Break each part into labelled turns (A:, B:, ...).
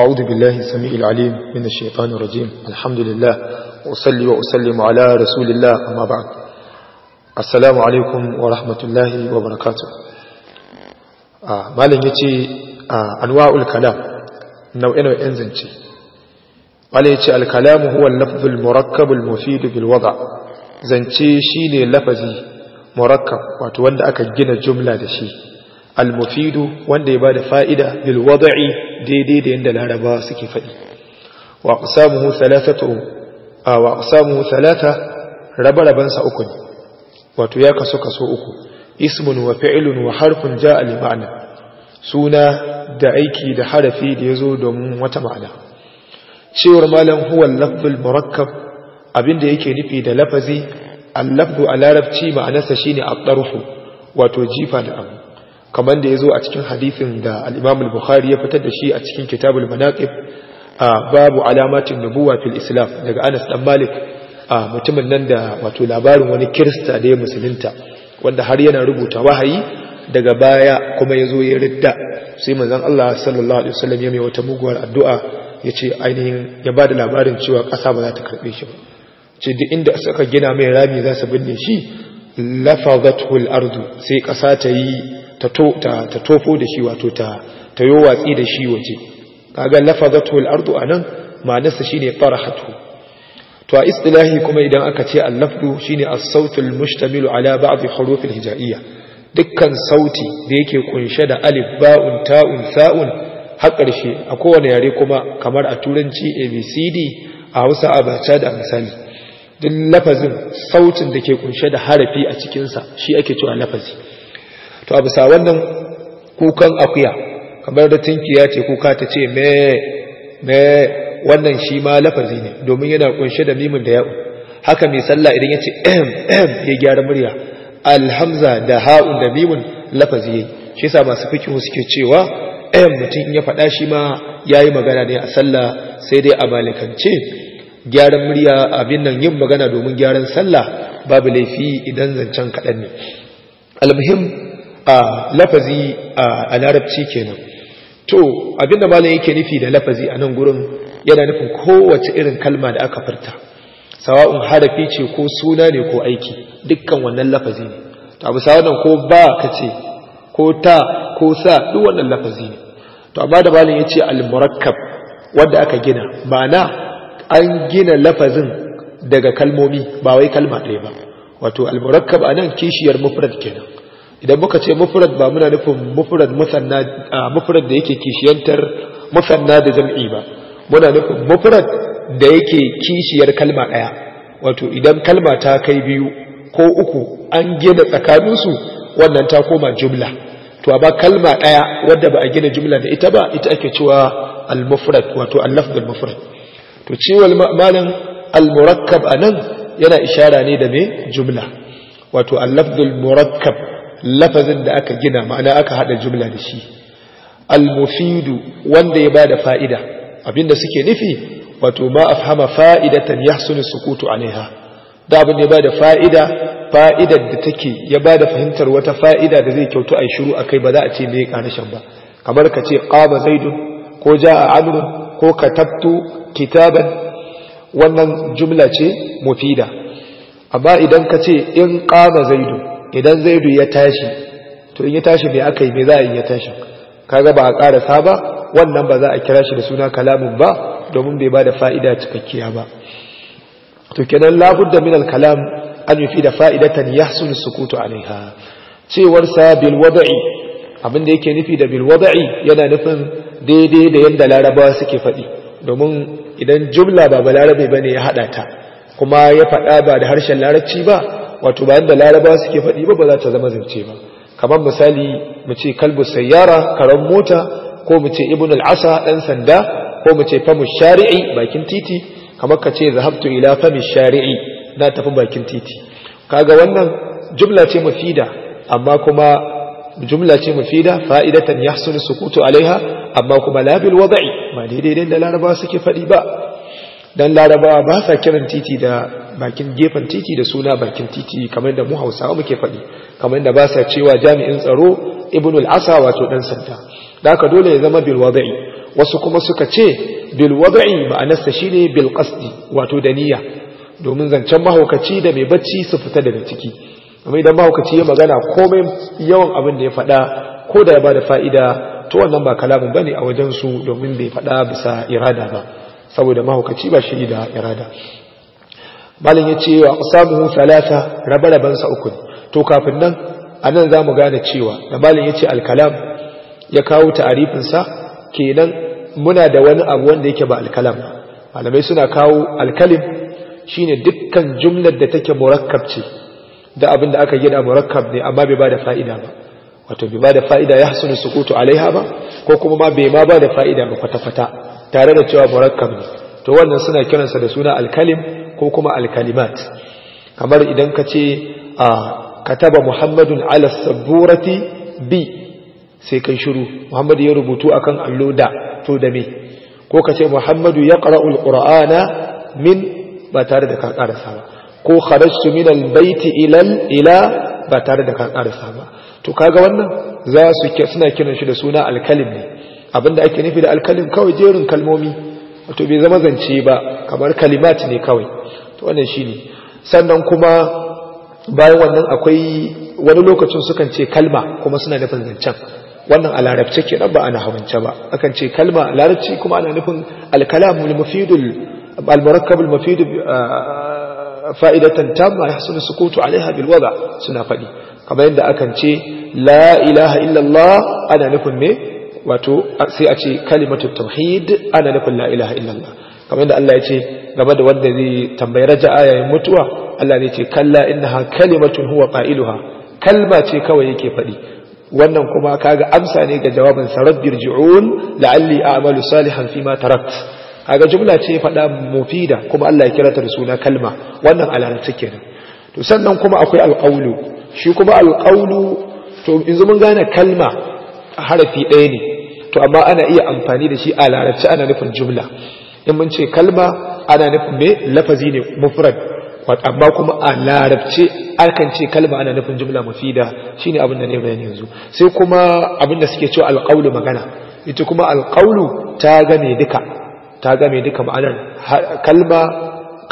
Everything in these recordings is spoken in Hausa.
A: أعوذ بالله السميع العليم من الشيطان الرجيم الحمد لله وأصلي وأسلم على رسول الله أما بعد السلام عليكم ورحمة الله وبركاته آه، ما لن يتي آه، أنواع الكلام نوع إنو إنزنتي ما لن يتي الكلام هو اللفظ المركب المفيد بالوضع زنتي شيني لفظي مركب وتوند أكا جنة جملة دشي al-mufidu wanda ya bada fa'ida bil wad'i daidai da yanda larabawa suke faɗi wa aqsamuhu thalathatu wa aqsamuhu thalatha rabaraban sa uku ne wato ya kaso kaso uku ismun wa fi'lun wa harfun ja'a li ma'na suna da aiki da harafi da yazo domin wata ma'ana cewar malam huwa al-lafzul murakkab abinda yake nufi da lafazi al-lafzu a larabci ma'anarsa shine at-tarfu wato jifa da abu kamar da ya zo a cikin hadithin da al'imam bukhari ya fitar da shi a cikin kitabul manaqib a babu alamatin nubuwa fil islam daga anas dan malik a mutumin nan da wato labarin wani kirista da ya musulunta wanda har yana rubuta wahayi daga baya kuma ya zo ya ridda sai manzon Allah sallallahu alaihi wasallam ya mai wata muguwar addu'a ya ce ainihin ya ba da labarin cewa ƙasa ba za ta karɓe shi ba ce duk inda suka gina mai rami za su binne shi lafazatul ardu sai ƙasa ta yi ta tofo da shi wato ta ta yo watsi da shi waje kaga lafazatu al-ardu anan ma'anarsa shine farahatu to a istilahi kuma idan aka ce al-lafdu shine as-sautu al ala ba'd huruf al dukkan sauti da yake kunshe da alif ba'un ta'un sa'un har a kowane yare kuma kamar a turanci abcd a Hausa abacha da misali duk lafazin sautin da ke kunshe da harafi a cikinsa shi ake cewa lafazi to a bisa wannan kukan akuya kamar da ya ce kuka ta ce me wannan shi ma lafazi ne domin yana kunshe da mimin da ya'u haka mai sallah idan ya ce ehm ya gyara murya alhamza da ha'un da mimin lafazi yi shi sa masu fikihu suke cewa ehm mutum in ya faɗa shi ma ya yi magana ne a sallah sai dai a malikance gyaran murya abin nan yin magana domin gyaran sallah babu laifi idan zancen kaɗan ne Al-muhim. a lafazi a larabci kenan to abinda malam yake nufi da lafazi a nan gurin yana nufin kowace irin kalma da aka furta sawa'un harafi ce ko suna ne ko aiki dukkan wannan lafazi ne to abu sawadan ko ba ka ce ko ta ko sa duk wannan lafazi ne to amma da malam yace al-murakkab wanda aka gina ma'ana an gina lafazin daga kalmomi ba wai kalma ɗaya ba wato al a nan kishiyar mufrad kenan idan muka ce mufrad ba muna nufin mufrad musanna mufrad da yake kishiyantar musanna da jam'i ba muna nufin mufrad da yake kishiyar kalma daya wato idan kalma ta kai biyu ko uku an gina tsakaninsu wannan ta koma jumla to ba kalma daya wadda ba a gina jumla da ita ba ita ake cewa al-mufrad wato al-lafz mufrad to ciwal malam al-murakkab anan yana ishara ne da me jumla wato al-lafz murakkab lafazin da aka gina ma'ana aka haɗa jumla da shi al-mufidu wanda ya bada fa'ida abinda suke nufi wato ma afhama fa'idatan yahsunu sukutu alaiha da abin ya bada fa'ida fa'idar da take ya bada fahimtar wata fa'ida da zai kyautu ai shiru akai ba za a ce me shan ba kamar ka ce qama zaidun ko jaa amrun ko katabtu kitaban wannan jumla ce mufida amma idan ka ce in qama zaidun idan zaidu ya tashi to in ya tashi me aka yi me za a yi ya tashi kaga ba a ƙarasa ba wannan ba za a kira shi da suna kalamun ba domin bai ba da fa'ida cikakkiya ba to kenan labudda min al-kalam an yufi da fa'idatan yahsul sukutu alaiha cewar sa bil abin da yake nufi da bil yana nufin daidai da yadda larabawa suke faɗi domin idan jumla ba balarabe ne ya haɗa ta kuma ya faɗa ba da harshen larabci ba wato bayan da laraba suke faɗi ba ba za ta zama zance ba kamar misali mu ce kalbu sayyara karan mota ko mu ce ibn al-asa dan sanda ko mu ce famu shari'i bakin titi kamar ka ce zahabtu ila famu shari'i na tafi bakin titi kaga wannan jumla ce mufida amma kuma jumla ce mufida fa'idatan yahsulu sukutu alaiha amma kuma la bil wada'i ba daidai da laraba suke faɗi ba dan larabawa ba sa kiran titi da bakin gefen titi da suna bakin titi kamar da mu hausawa muke faɗi kamar da ba sa cewa jami'in tsaro ibn al-asa wato dan sanda da dole ya zama bil wada'i wasu kuma suka ce bil wada'i ma'anarsa shine bil qasdi wato da niyya domin zancen mahaukaci da mai bacci su fita daga ciki amma idan mahaukaci ya magana komai yawan abin da ya faɗa ko da ya bada fa'ida to wannan ba kalamin bane a wajen su domin bai faɗa bisa irada ba saboda mahaukaci ba shi da irada malin ya ce wa samun salata rabe-rabensa uku to kafin nan a nan za mu gane cewa da malin ya ce alkalam ya kawo ta'arifinsa kenan muna da wani abu wanda yake ba alkalam malamai suna kawo alkalim shi ne dukkan jumlar da take murakkab ce da abin da aka gina murakkab ne amma bai ba da fa'ida ba wato bai ba da fa'ida ya su sukutu alaiha ba ko kuma ma bai ma ba da fa'ida ba kwata-kwata tare da cewa murakkab ne to wannan suna kiransa da suna alkalim ko kuma alkalimat kamar idan ka ce a kataba muhammadun ala saburati bi sai kai shiru muhammadu ya rubutu akan allo da to da me ko ka ce muhammadu ya qara'ul qur'ana min ba tare da ka karasa ba ko kharajtu min albayti ila ila ba tare da ka karasa ba to kaga wannan za su suna kiran shi da suna alkalim ne abinda ake nufi da alkalin kawai jerin kalmomi wato bai zama zance ba kamar kalimat ne kawai to wannan shine sannan kuma bayan wannan akwai wani lokacin sukan ce kalma kuma suna nufin zancen wannan a larabce kenan ba ana hawance ba akan ce kalma a kuma ana nufin alkalamul mufidul almurakkabul mufidul ah, fa'idatan tamma yahsunu sukutu alaiha bil wada suna faɗi kamar yadda akan ce la ilaha illallah ana nufin me wato sai a ce kalimatu tauhid ana nufin la ilaha illallah kamar da Allah ya ce game da wanda zai tambayi raja yayin mutuwa Allah ne ce kalla innaha kalimatun huwa qailuha kalma ce kawai yake faɗi wannan kuma kaga amsa ne ga jawabin sarabbir ji'un la'alli a'malu salihan fima tarakt kaga jumla ce faɗa mufida kuma Allah ya kira ta da suna kalma wannan alalata kenan to sannan kuma akwai alqaulu shi kuma alqaulu to yanzu mun gane kalma harafi ɗaya ne to amma ana iya amfani da shi a larabci ana nufin jumla in mun ce kalma ana nufin me lafazi ne mufrad amma kuma a larabce akan ce kalma ana nufin jumla mufida shine abin da ne bayani yanzu sai kuma abin da suke cewa alqaulu magana ita kuma alqaulu ta game duka ta game duka ma'anar kalma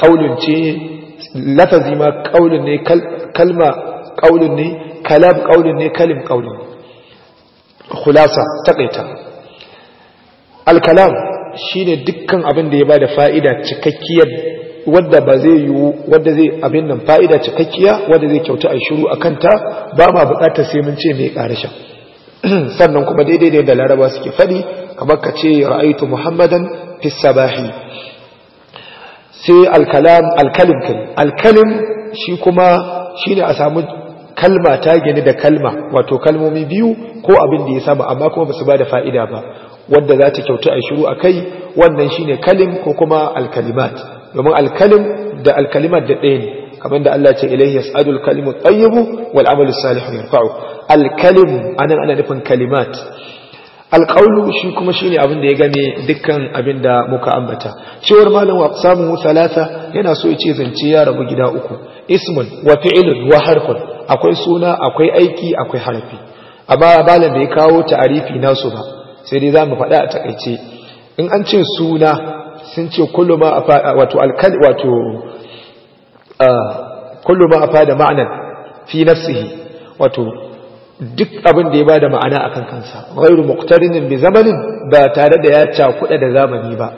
A: qaulun ce lafazi ma qaulun ne kalma qaulun ne kalam qaulun ne kalim qaulun خلاصة تقيتها alkalam shine dukkan abin da ya bada fa'ida cikakkiya wadda ba zai yi wadda zai abin nan fa'ida cikakkiya wadda zai kyauta a shiru a kanta ba ma bukatar sai mun ce mai karasha sannan kuma daidai da laraba suke faɗi kamar ka ce ra'aitu muhammadan fi sabahi sai alkalam alkalim kin alkalim shi kuma shine a samu kalma ta gani da kalma wato kalmomi biyu ko abin da ya sama amma kuma ba su ba da fa'ida ba wadda za ta kyautu a shiru a kai wannan shi ne kalim ko kuma alkalimat domin alkalim da alkalimat da ɗaya ne kamar da Allah ce ilaihi yas'adul kalimu tayyibu wal amalu salihu yarfa'u alkalim anan ana nufin kalimat alqaulu shi kuma shine abin da ya game dukkan abin da muka ambata cewar malam wa samu thalatha yana so ya ce zance ya rabu gida uku ismun wa fi'lun wa harfun akwai suna akwai aiki akwai harfi amma da ya kawo ta'arifi nasu ba sai dai za mu faɗa a taƙaice in an ce suna sun ce kullu ma wato alkal wato fi nafsihi wato duk abin da ya bada ma'ana akan kansa ghairu muqtarinin bi zamanin ba tare da ya cakuɗa da zamani ba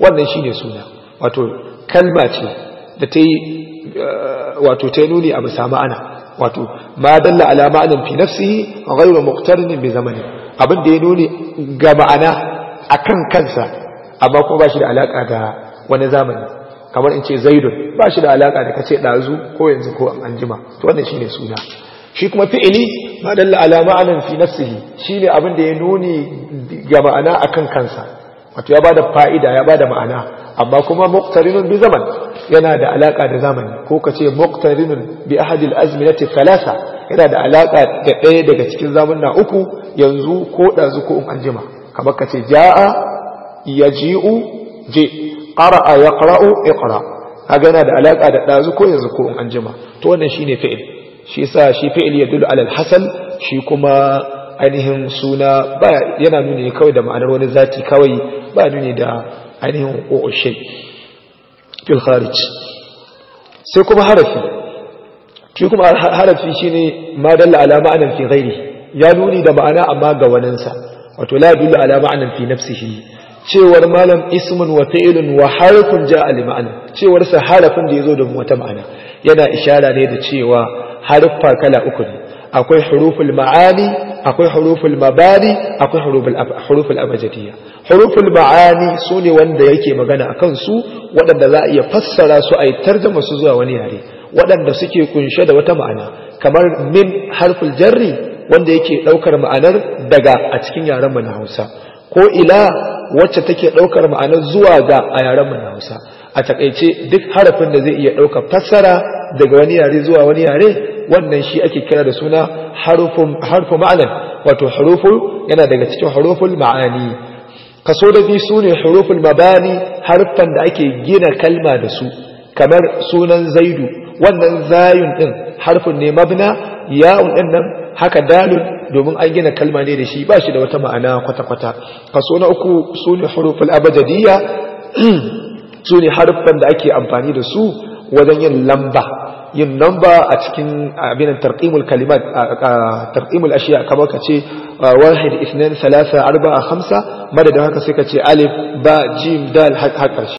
A: wannan shine suna wato kalma ce da ta yi wato ta nuni a bisa ma'ana wato ma dalla ala ma'anan fi nafsihi ghairu muqtarinin bi zamanin abin da ya nuni ga ma'ana akan kansa amma kuma ba shi da alaƙa da wani zamani kamar in ce zaidun ba shi da alaƙa da kace ɗazu, ko yanzu ko an anjima to wannan shi ne suna shi kuma fi'ili ma dalla ala ma'anan fi nafsihi ne abin da ya nuni ga ma'ana akan kansa wato ya bada fa'ida ya bada ma'ana amma kuma muqtarinun bi zaman yana da alaƙa da zamani ko kace muqtarinun bi ahadil al-azminati thalatha yana da alaƙa da ɗaya daga cikin na uku yanzu ko ɗazu ko in anjima kamar ka ce ja'a yaji'u je qara'a ya ƙara. kaga yana da alaƙa da ɗazu ko yanzu ko in anjima to wannan shine fi'il shi sa shi fi'il ya dulu alal hasal shi kuma ainihin suna ba yana nuni kawai da ma'anar wani zati kawai ba nuni da ainihin o'o shay fil kharij sai kuma harafi shi kuma harafi shine ma dalla ala ma'anan fi ghairi ya nuni da ma'ana amma ga waninsa wato la yadullu ala ma'anan fi nafsihi cewar malam ismun wa fi'lun wa harfun ja'a li ma'ana cewar sa harafin da yazo da wata ma'ana yana ishara ne da cewa harfa kala uku ne akwai huruful ma'ani akwai huruful mabani akwai huruful huruful abjadiyya huruful ma'ani sune wanda yake magana akan su waɗanda za a iya fassara su a yi tarjuma su zuwa wani yare waɗanda suke kunshe da wata ma'ana kamar min harful jarri wanda yake ɗaukar ma'anar daga a cikin yarenmu na hausa ko ila wacce take ɗaukar ma'anar zuwa ga a yarenmu na hausa a takaice duk harafin da zai iya ɗaukar fassara daga wani yare zuwa wani yare wannan shi ake kira da suna harfu ma'anar wato harufu yana daga cikin haruful ma'ani kaso da biyu su ne huruful mabani harfan da ake gina kalma da su kamar sunan zaidu wannan zayun din harfin ne mabna ya'un din nan haka dalun domin an gina kalma ne da shi ba shi da wata ma'ana kwata-kwata kaso na uku su ne huruful abajadiyya su harfan da ake amfani da su wajen yin lamba yin lamba a cikin abin tarqimul kalimat tarqimul ashiya kamar ka ce wahid ithnan thalatha arba'a khamsa madadin haka sai ka ce alif ba jim dal har